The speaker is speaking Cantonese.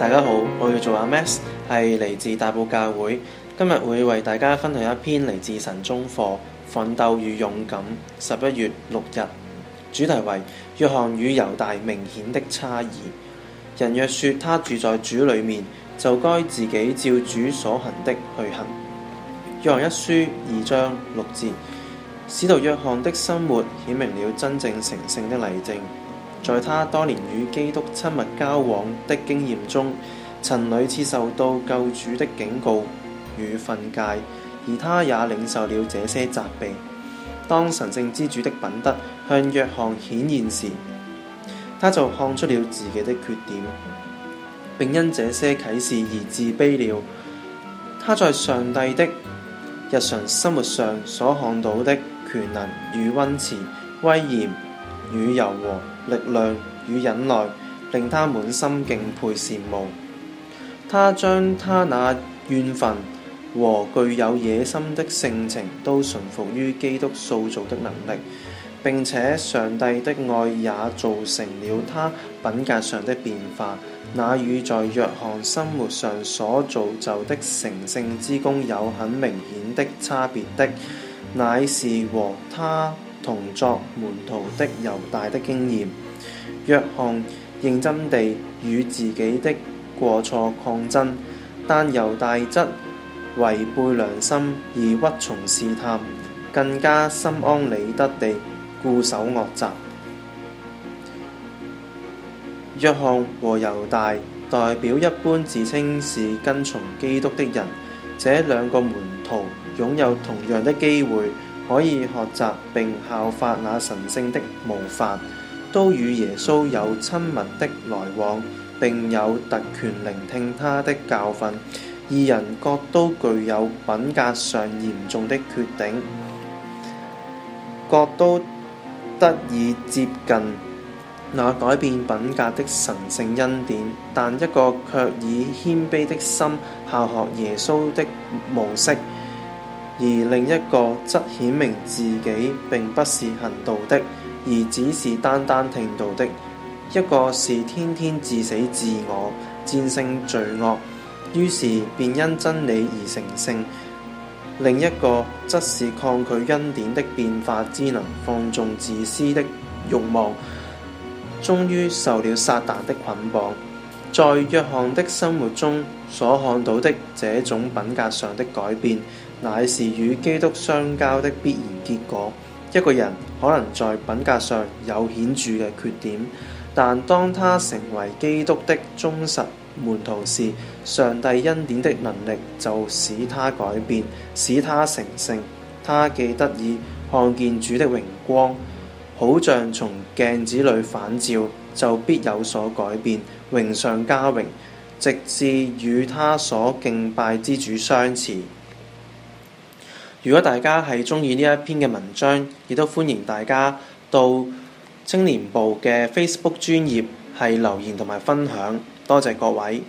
大家好，我叫做阿 Max，係嚟自大埔教會。今日會為大家分享一篇嚟自神中課《奮鬥與勇敢》，十一月六日，主題為《約翰與猶大明顯的差異》。人若說他住在主裏面，就該自己照主所行的去行。約翰一書二章六節，使徒約翰的生活，顯明了真正成聖的例證。在他多年與基督親密交往的經驗中，曾屢次受到救主的警告與訓戒，而他也領受了這些責備。當神聖之主的品德向約翰顯現時，他就看出了自己的缺點，並因這些啟示而自卑了。他在上帝的日常生活上所看到的權能與溫慈威嚴。與柔和力量與忍耐，令他滿心敬佩羨慕。他將他那怨憤和具有野心的性情都順服於基督塑造的能力，並且上帝的愛也造成了他品格上的變化。那與在約翰生活上所造就的成聖之功有很明顯的差別的，乃是和他。同作門徒的猶大的經驗，約翰認真地與自己的過錯抗爭，但猶大則違背良心而屈從試探，更加心安理得地固守惡習。約翰和猶大代表一般自稱是跟從基督的人，這兩個門徒擁有同樣的機會。可以學習並效法那神聖的模範，都與耶穌有親密的來往，並有特權聆聽他的教訓。二人各都具有品格上嚴重的缺點，各都得以接近那改變品格的神聖恩典，但一個卻以謙卑的心效學耶穌的模式。而另一個則顯明自己並不是行道的，而只是單單聽道的。一個是天天自死自我，戰勝罪惡，於是便因真理而成聖；另一個則是抗拒恩典的變化，只能放縱自私的慾望，終於受了撒但的捆綁。在約翰的生活中所看到的這種品格上的改變，乃是與基督相交的必然結果。一個人可能在品格上有顯著嘅缺點，但當他成為基督的忠實門徒時，上帝恩典的能力就使他改變，使他成聖。他既得以看見主的榮光，好像從鏡子裏反照。就必有所改變，榮上加榮，直至與他所敬拜之主相似。如果大家係鍾意呢一篇嘅文章，亦都歡迎大家到青年部嘅 Facebook 專頁係留言同埋分享，多謝各位。